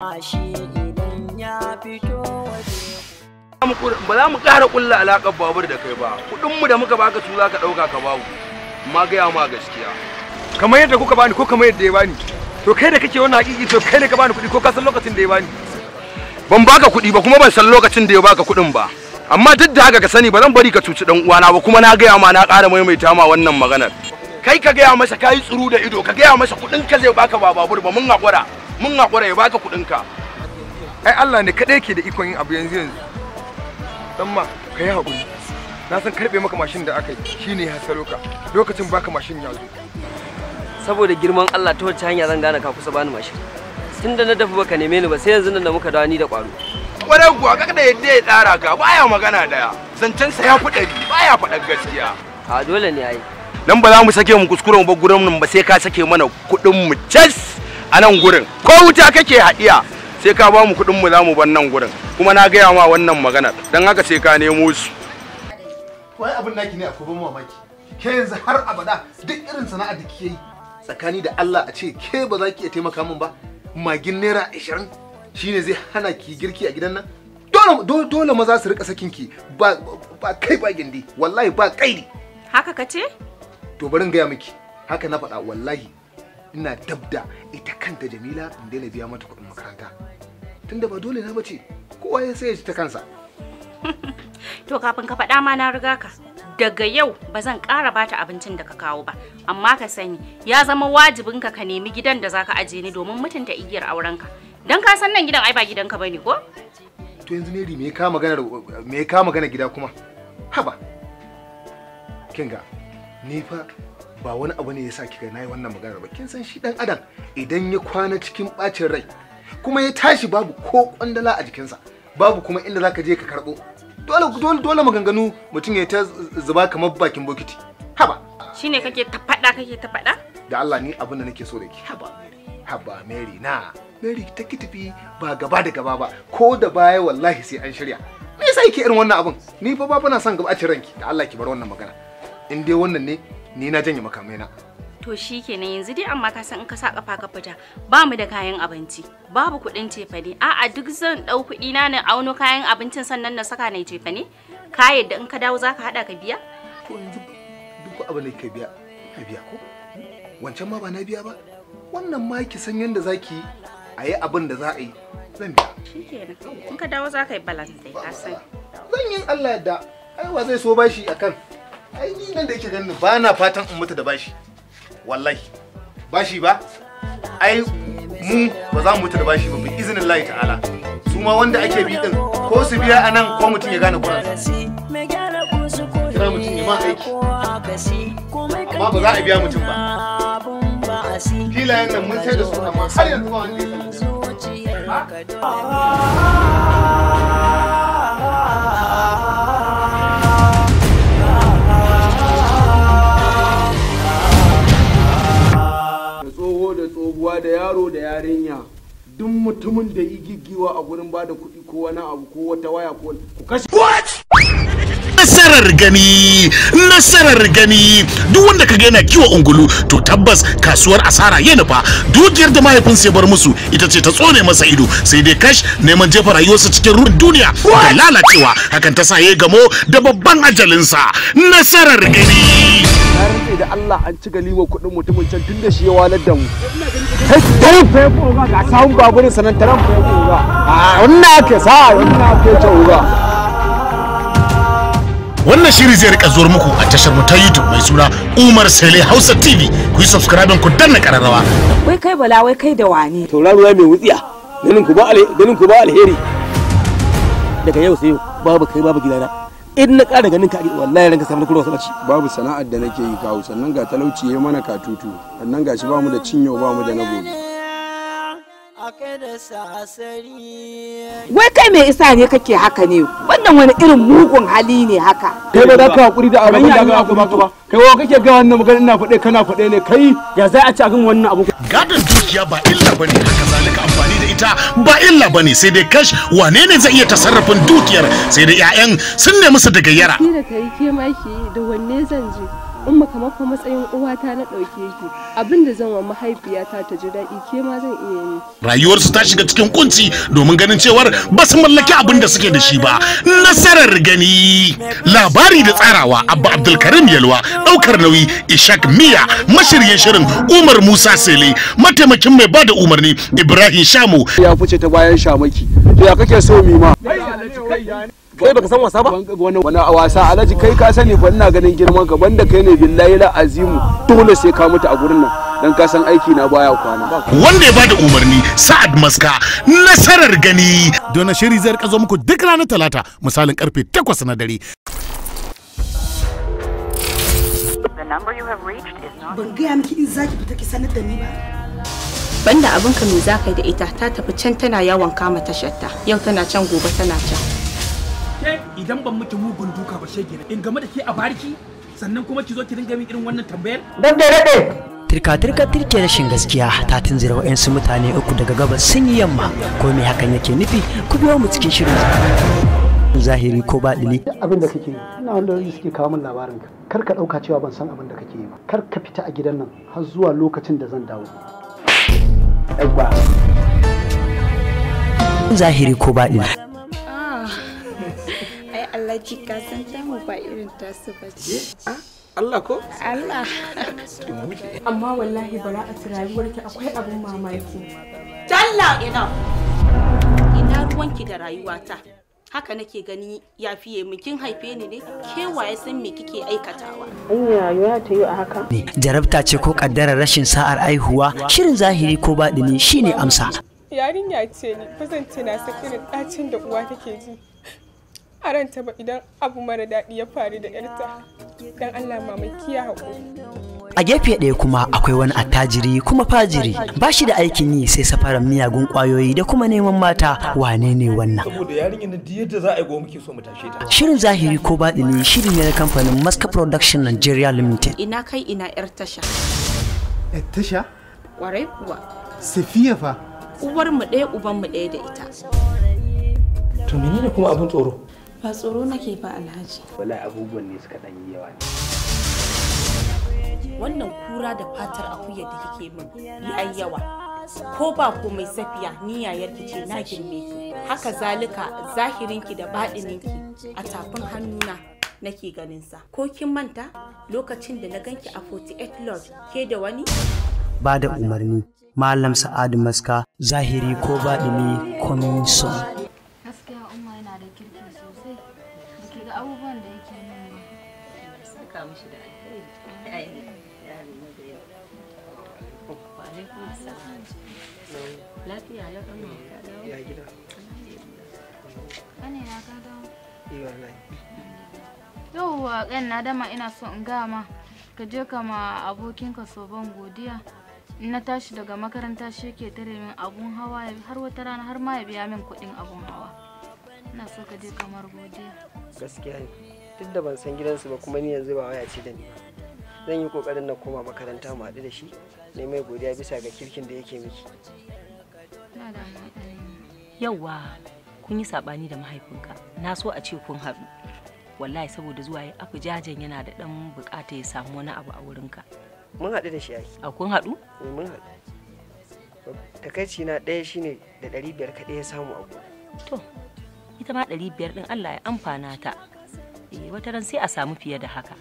ba za mu ƙara ƙulla alaƙar babur da kai ba kuɗinmu da muka baka su za ka ɗauka ka bawu ma gaya ma gaskiya kamar yadda kuka bani ko kamar yadda ya bani to kai da kake wannan hakiki to kai da ka bani kuɗi ko ka san lokacin da ya bani ban baka kuɗi ba kuma ban san lokacin da ya baka kuɗin ba amma duk da haka ka sani ba zan bari ka cuci ɗan uwana ba kuma na gaya ma na ƙara maimaita ma wannan maganar kai ka gaya masa kayi tsuru da ido ka gaya masa kudin ka zai baka ba babur ba mun hakura mun hakura ya baka kudin ka ai Allah ne kadai ke da ikon yin abu yanzu yanzu dan ma kai hakuri na san karbe maka mashin da aka yi shine ya hasalo ka lokacin baka mashin ya zo saboda girman Allah ta wacce hanya zan gane ka kusa bani mashin tunda na dafa baka neme ni ba sai yanzu nan da muka dawo ni da kwaro kwarar ka kada yadda ya tsara ka baya magana daya zancensa ya fi ɗari baya faɗar gaskiya a dole ne ai nan ba za mu sake mu kuskuren ba gurin mu ba sai ka sake mana kuɗin mu cas a nan gurin ko wuta kake haɗiya sai ka ba mu kuɗin mu za mu ban nan gurin kuma na gaya ma wannan maganar dan haka sai ka nemo su wai abin naki ne akwai ban mamaki ke yanzu har abada duk irin sana'a da kike yi tsakani da Allah a ce ke ba za ki iya taimaka min ba magin naira ashirin shine zai hana ki girki a gidan nan dole maza su rika sakin ki ba kai ba gindi wallahi ba kaidi haka kace to bari gaya miki haka na faɗa wallahi ina dabda ita kanta jamila in daina biya mata kuɗin makaranta tunda ba dole na bace kowa ya sai ya ta kansa to kafin ka faɗa ma na riga ka daga yau ba zan ƙara bata abincin da ka kawo ba amma ka sani ya zama wajibinka ka nemi gidan da zaka aje ni domin mutunta igiyar aurenka dan ka san nan gidan ai ba gidanka bane ko to yanzu Mary me ka magana me ka magana gida kuma haba kinga Nifa ba wani abu ne ya sa kika nayi wannan magana ba kin san shi dan adam idan ya kwana cikin bacin rai kuma ya tashi babu ko kwandala a jikinsa babu kuma inda zaka je ka karbo dole dole dole maganganu mutum ya ta zuba kamar bakin bokiti haba shine kake ta fada kake ta fada da Allah ni abin da nake so da ki haba haba Mary na Mary ta ki tafi ba gaba da gaba ba ko da baya wallahi sai an shirya me yasa yake irin wannan abun ni fa ba na son gaba a ranki da Allah ki bar wannan magana in dai wannan ne ni na janye makamai na to shikenan yanzu dai amma ka san in ka sa kafa ka fita ba mu da kayan abinci babu kuɗin a a'a duk zan ɗau kuɗi na na auno kayan abincin sannan na saka na tefane ka yadda in ka dawo zaka hada ka biya to yanzu duk abin da ka biya ka biya ko wancan ma ba na biya ba wannan ma ki san yanda zaki yi a yi abin da za a yi zan biya shikenan in ka dawo zaka yi balance dai ka san zan yi Allah yadda aiwa zai so bashi akan ai ni nan da yake ganin ba na fatan in mutu da bashi wallahi bashi ba ai mu ba za mu mutu da bashi ba bi izinin Allah ta'ala su ma wanda ake bi din ko su biya a nan ko mutum ya gane kuran kira mutum ya ma aiki amma ba za a biya mutum ba filayen nan mun sai da su amma har yanzu ba wanda ya sani wa da yaro da yarinya duk mutumin da yi giggiwa a gurin bada kuɗi ko wani abu ko wata waya ko ku kashe nasarar gani nasarar gani duk wanda ka yana kiwo ungulu to tabbas kasuwar asara yana fa. dukiyar da mahaifin sai bar musu ita ce ta tsone masa ido sai dai kash neman jefa rayuwarsa cikin ruwan duniya da lalacewa hakan ta sa ya gamo da babban ajalinsa nasarar gani da Allah an ci galiwa kuɗin mutumin can tun da shi ya walar da mu. Tarin ga baburin sanan tarin ake sa wannan ake wannan shiri zai rika zuwa muku a tashar mu ta YouTube mai suna Umar Sele Hausa TV ku yi subscribe ku danna kararrawa wai kai bala wai kai da wani. wane tauraruwa mai wutsiya ganin ku ba ganin ku ba alheri daga yau sai babu kai babu gidana in na ƙara ganin ka wallahi ranka samu kurwa sabaci babu sana'ar da nake yi kawo sannan ga talauci ya mana katutu sannan gashi ba mu da cinyo ba mu da na gobe Wai kai mai isa ne kake haka ne wannan wani irin mugun hali ne haka. Kai ba za ka haƙuri da abin da ga ba. Kai wa kake ga wannan maganar ina faɗe kana faɗe ne kai ya za a ci akan wannan abu. Gadon dukiya ba illa bane haka zalika amfani da ita ba illa bane sai dai kash wane ne zai iya tasarrafin dukiyar sai da 'ya'yan sun nemi su da yara. Ni da kai ke ma da wanne zan je. umma kamar kuma matsayin uwata na ɗauke ki abinda zan wa mahaifiyata ta ji daɗi ke ma zan iya yi rayuwarsu ta shiga cikin kunci domin ganin cewar ba su mallaki abin da suke da shi ba nasarar gani labari da tsarawa abba abdulkarim yalwa ɗaukar nauyi ishak miya mashiryin shirin umar musa sele mataimakin mai bada umarni ibrahim shamu ya fice ta bayan shamaki ya kake so mi ma kai baka san wasa ba wani wasa alhaji kai ka sani ba ina ganin girman ka banda kai ne billahi la azimu dole sai ka mutu a gurin nan dan ka san aiki na baya kwana wanda ya bada umarni sa'ad maska nasarar gani don shiri zai rika zo muku duk ranar talata misalin karfe 8 na dare ban gaya miki in zaki fita ki sanar da ni ba banda abinka me zakai yi da ita ta tafi can tana yawon kama tashar ta yau tana can gobe tana can ke idan ban miki mugun duka ba shege in game da ke a bariki sannan kuma ki zo ki dinga min irin wannan tambayar dan da rade tirka-tirka tirke rashin gaskiya ta tunzira su mutane uku daga gabas sun yi yamma ko me hakan yake nufi ku biyo mu cikin shirin zahiri ko baɗili abin da kake yi ina wanda suke kawo min labarin ka kar ka ɗauka cewa ban san abin da kake yi ba kar ka fita a gidan nan har zuwa lokacin da zan dawo zahiri ko baɗili baki ka san tamu ba irin tasu eh, Allah ko? Allah. Amma wallahi bara a rayuwarki akwai abin mamaki. Talla ina. Ina ruwanki da rayuwata. Haka nake gani ya fiye mu kin haife ni ne kewaye san me kike aikatawa. Anya rayuwa ta yi a haka. Jarabta ce ko kaddara rashin sa'ar aihuwa shirin zahiri ko baɗini shine amsa. Yarinya ce ni ba zan ce sakirin ɗacin da uwa take ji. a ranta ba idan abu mara daɗi ya faru da yarta don Allah mamaki ya haƙuri. A gefe ɗaya kuma akwai wani attajiri kuma fajiri ba shi da aikin yi sai safaran miyagun ƙwayoyi da kuma neman mata wane ne wannan. Shirin zahiri ko baɗini shirin ne na kamfanin Maska Production Nigeria Limited. Ina kai ina 'yar tasha. 'Yar tasha? Ƙwarai kuwa. Safiya fa. Uwar mu ɗaya uban mu ɗaya da ita. To menene kuma abin tsoro? ba tsoro nake ba alhaji wala abubuwan ne suka dan yawa ne wannan kura da fatar akuya da kike min yayi yawa ko ba ko mai safiya ni yayar ki ce na girme ki haka zalika zahirinki da baɗininki a tafin hannuna nake ganin sa ko kin manta lokacin da na ganki a 48 lord ke da wani ba da umarni malam sa'adu maska zahiri ko baɗini coming soon saka mishi da alheri da yau wa lafiya ya dawo ya gida kane na ka dawo eh, na dama ina so in ga ma ka je ka ma abokinka soban godiya in na tashi daga makaranta shi yake tare min abun hawa har wata rana har ma ya biya min kuɗin abun hawa ina so ka je kamar godiya gaskiya ne duk da ban san gidansu ba kuma ni yanzu ba waya ce da ni ba zan yi kokarin na koma makaranta mu haɗu da shi ne mai godiya bisa ga kirkin da yake miki yauwa kun yi sabani da mahaifinka na so a ce kun haɗu wallahi saboda zuwa yi abu jajen yana da ɗan bukata ya samu wani abu a wurinka mun haɗu da shi ai a kun haɗu eh mun haɗu takaici na ɗaya shine da ɗari biyar kaɗai ya samu abu to ita ma ɗari biyar ɗin Allah ya amfana ta wata ran sai a samu fiye da haka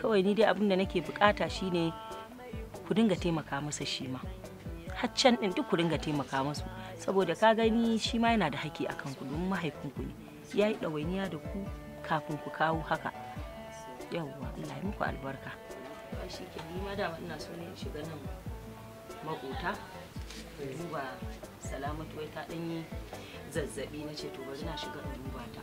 kawai ni dai abin da nake bukata shine ku dinga taimaka masa shi ma haccan din duk ku dinga taimaka masu saboda ka gani shi ma yana da haƙƙi akan ku domin mahaifinku ne ya yi ɗawainiya da ku kafin ku kawo haka yawwa Allah ya muku albarka shi ke ni ma dama ina so ne shiga nan makota duba salamatu wai ta ɗanyi zazzaɓi na ce to bari na shiga in duba ta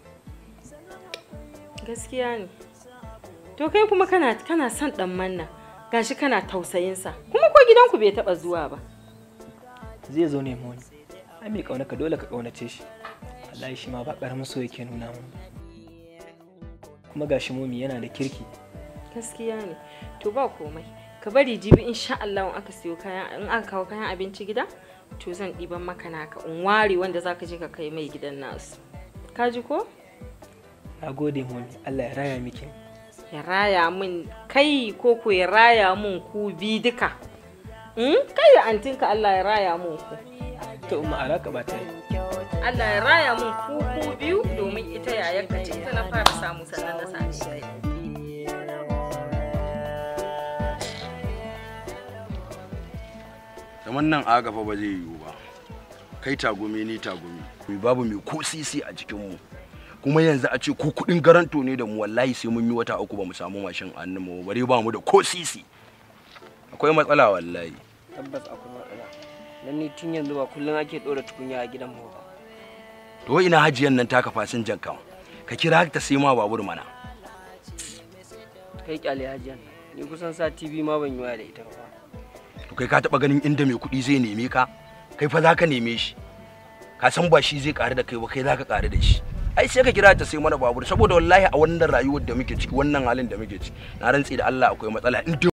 gaskiya ne to kai kuma kana kana son dan manna gashi kana tausayinsa kuma ko gidanku bai taba zuwa ba zai zo ne moni ai mai kaunaka dole ka kaunace shi wallahi shi ma ba karamin so yake nuna mun kuma gashi momi yana da kirki gaskiya ne to ba komai ka bari jibi insha Allah in aka siyo kayan in aka kawo kayan abinci gida to zan ɗiban maka naka in ware wanda zaka je ka kai mai gidan nasu ka ji ko na gode mun allah ya raya miki ya raya mun kai ko ku ya raya mun ku bi duka hmm? kai da antinka allah ya raya mun ku to mu alaka ba ta yi allah ya raya mun ku ku biyu domin ita yayar ka ce ita na fara samu sannan na sani shi kamar nan agafa ba zai yiwu ba kai tagumi ni tagumi babu mai ko sisi a cikinmu kuma yanzu a ce ko kuɗin garanto ne da mu wallahi sai mun yi wata uku ba mu samu mashin a hannun mu bare ba mu da ko sisi akwai matsala wallahi tabbas akwai matsala nan ni tun yanzu ba kullun ake dora tukunya a gidan mu ba to ina hajiyan nan taka fasin jankan ka kira ta sai ma babur mana kai kyale hajiyan ni kusan sa tv ma ban yi waya da ita ba to kai ka taba ganin inda mai kudi zai neme ka kai fa za ka neme shi ka san ba shi zai ƙare da kai ba kai za ka ƙare da shi ai sai ka kira ta sai mana babur saboda wallahi a wannan rayuwar da muke ciki wannan halin da muke ciki na rantsi da Allah akwai matsala in